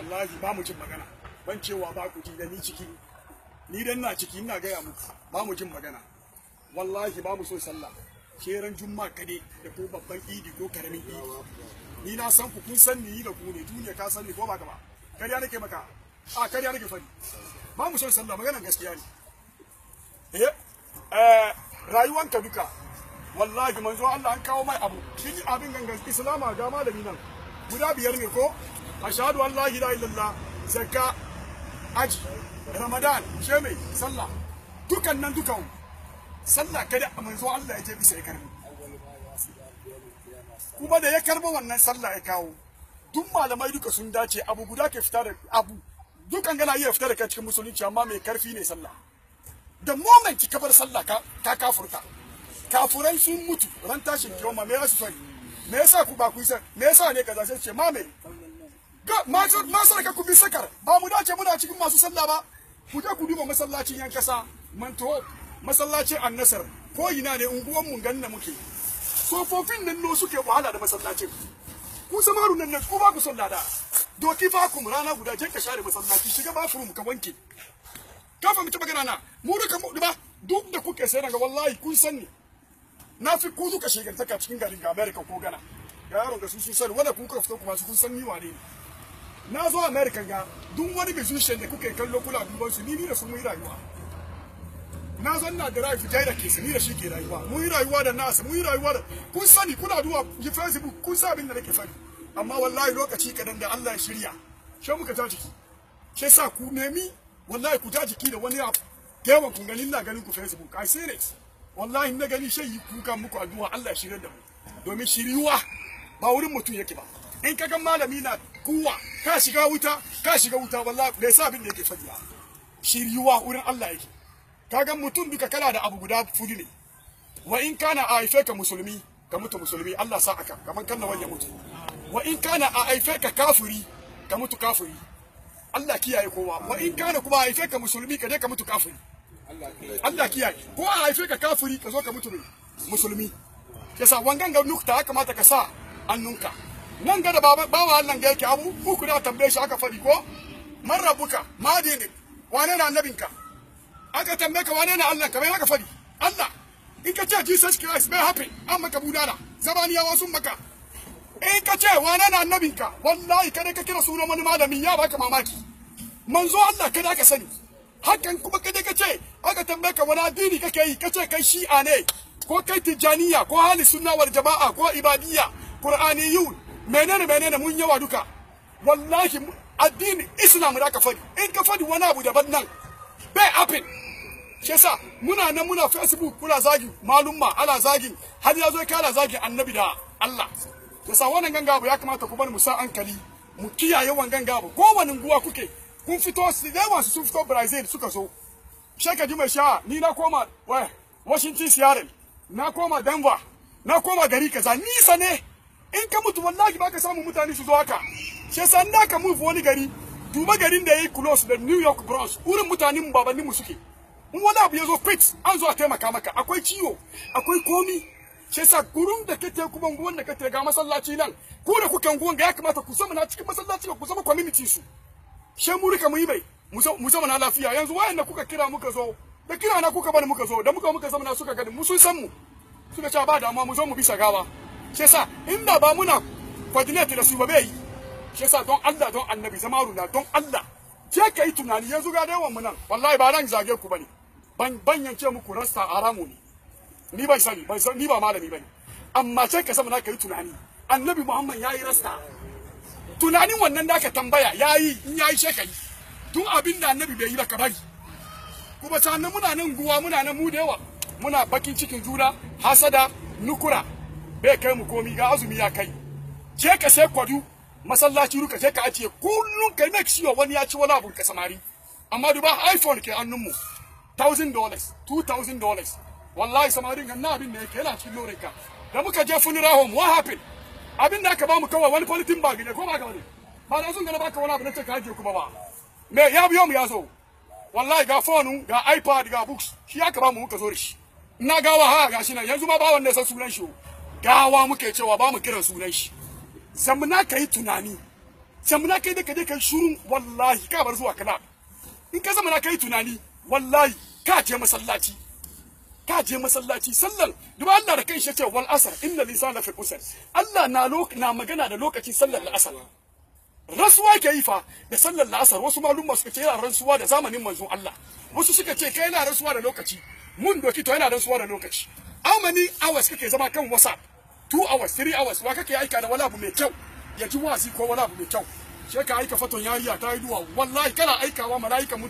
wallahi ba mu jin magana ban cewa ba ku ji da ni ciki ni dan na ciki ina gaya muku ba mu jin magana wallahi ba mu so sallah ran juma kade da ko babban idi ko karamin idi ni na san ku kun san ni da ku ne duniya ka san ni ko ba ka ba kariya nake maka a kariya nake fadi ba mu so sallah maganan gaskiya ne eh eh ka duka wallahi manzo Allah an kawo mai abu shi abin gangan islama ga ni nan guda biyar ne ko ashhadu an la ilaha illallah zaka aji ramadan ce mai sallah dukan nan dukan sallah kada a manzo Allah ya je bisa ya karbi kuma da ya karba wannan sallah ya kawo duk malamai duka sun dace abu guda ke fita da abu dukan gana iya fita da ka cikin musulunci amma mai karfi ne sallah da moment ka bar sallah ka ka kafurta kafurai sun mutu ran tashin kyau ma yasa su sani me yasa ku ba ku yi me yasa ne kaza sai ce mame masarka sarka ku bi sakar ba mu dace muna cikin masu sallah ba ku je ku duba masallacin yan kasa manto masallacin annasar ko ina ne unguwan mun ganna muke sofofin nan no suke wahala da masallacin ku samaru nan nan ku ba ku sallah doki ba ku rana guda je ka share masallaci shiga ba furum ka wanke ka ta magana na mu duka mu ba duk da kuke sai daga wallahi kun sanni. na fi ku duka shekartaka cikin garin America ko Ghana yaron da su sun sani wanda kun ka kuma su kun san wane ne na zo america ga duk wani musician da kuke kallo kula duban su ni ni da su mun rayuwa na zo ina da rayuwa jaira da ke su ni da shi ke rayuwa mun rayuwa da nasu mun rayuwa da kun sani kuna duwa ji facebook kun sa abin da nake fari amma wallahi lokaci kadan da Allah ya shirya shi muka ta jiki shi sa ku nemi wallahi ku ta jiki da wani abu yawan kun gani ina ganin ku facebook i see it wallahi na gani shi kuka muku addu'a Allah ya shirya da mu domin shiriwa ba wurin mutum yake ba in ka gan malami na kuwa ka shiga wuta ka shiga wuta wallahi bai sa abin da yake faɗi ba shiryuwa wurin Allah yake kaga mutum duka kala da abu guda fudi ne wa in kana a haife ka musulmi ka mutu musulmi Allah sa aka kaman kan wani ya mutu wa in kana a haife ka kafiri ka mutu kafiri Allah kiyaye kowa wa in kana kuma a haife ka musulmi ka je ka mutu kafiri Allah kiyaye ko a haife ka kafiri ka zo ka mutu musulmi yasa wangan ga nukta kamata ka sa annunka nan ga da baba bawa nan ga yake abu uku da tambaye shi aka fadi ko man rabbuka ma dini wane na annabinka aka tambaye ka wane na Allah ka bai aka fadi Allah in ka ce Jesus Christ bai hafi an maka budala zabaniyawa sun maka in ka ce wane na annabinka wallahi kada ka kira sunan wani malami ya baka mamaki manzo Allah kada ka sani hakan kuma kada ka ce aka tambaye ka wani addini kake yi kace kai shi'a ne ko kai tijaniya ko hali sunna wal jama'a ko ibadiyya qur'aniyun menene menene mun yawa duka wallahi addini islam da ka fadi in ka fadi wani abu daban nan be apin shi yasa muna nan muna facebook kula zagi malumma ala zagi har ya zo kala zagi annabi da Allah yasa wannan ganga abu ya kamata ku bari mu sa ankali mu kiyaye wannan ganga abu wani guwa kuke kun fito su wasu sun fito brazil suka zo shaka ji mai sha ni na koma washington seattle na koma denver na koma gari kaza nisa ne in ka mutu wallahi ba ka samu mutane su zo haka shi yasa na ka move wani gari duba garin da yayi close da New York Bronx wurin mutanen babanni mu suke in wani abu ya zo fit an zo a taimaka maka akwai ciwo akwai komi shi yasa gurin da kake kuma guwan da kake ga masallaci nan ku da kukan guwan ga ya kamata ku zama na cikin masallaci ku zama community su shi mu rika mu yi bai mu zama na lafiya yanzu da kuka kira muka zo da kira na kuka bani muka zo da muka muka zama na suka gani mu sun san mu suka ce ba damuwa mu zo mu bisa gawa shi yasa inda ba muna coordinate da su ba bai yi shi don Allah don annabi zama runa don Allah je ka yi tunani yanzu ga dawan mu nan wallahi ba nan zage ku bane ban banyance muku rasta haramu ne ni bai sani ban sani ni ba malami bane amma ce ka sama na ka yi tunani annabi Muhammad ya yi rasta tunanin wannan da ka tambaya ya yi in ya yi shekayi tun abin da annabi bai yi ba ka bari kuma sannan muna nan guwa muna nan mu da yawa muna bakin cikin juna hasada nukura bai kai mu komi ga azumi ya kai je ka sai kwadu masallaci ruka je ka ace kullun kai make sure wani ya ci wani abu ka samari amma duba iPhone ke annun mu $1000- dollars 2000 dollars wallahi samarin ga na abin ne ke la cikin lorin ka da muka je funeral home what happened abin da aka ba mu kawai wani politin bag ne ko ba ga wani ba da sun ga b'a baka wani abu na ce ka je kuma ba me ya biyo mu ya zo wallahi ga phone ga iPad ga books shi aka ba mu muka zo da shi ina gawa ha gashi nan yanzu ma ba wanda ya san sunan shi gawa muke cewa ba mu kiran sunan shi zamna ka yi tunani zamna kai da ka kai shurun wallahi ka bar zuwa club in ka zamna ka yi tunani wallahi ka je masallaci ka je masallaci sallar duba Allah da kanshi ce wal asr inna lisana fi usr Allah na na magana da lokacin sallar asr rasuwa ke yi fa da sallar asar wasu malumma suka ce yana rasuwa da zamanin manzon Allah wasu suka ce kai yana rasuwa da lokaci mun doki to yana rasuwa da lokaci how many hours kake zama kan whatsapp two hours three hours wa kake aika da wani abu mai kyau ya ji wasi ko wani abu mai kyau sai ka aika faton yariya ta yi duwa wallahi kana aikawa mala'ika mutu.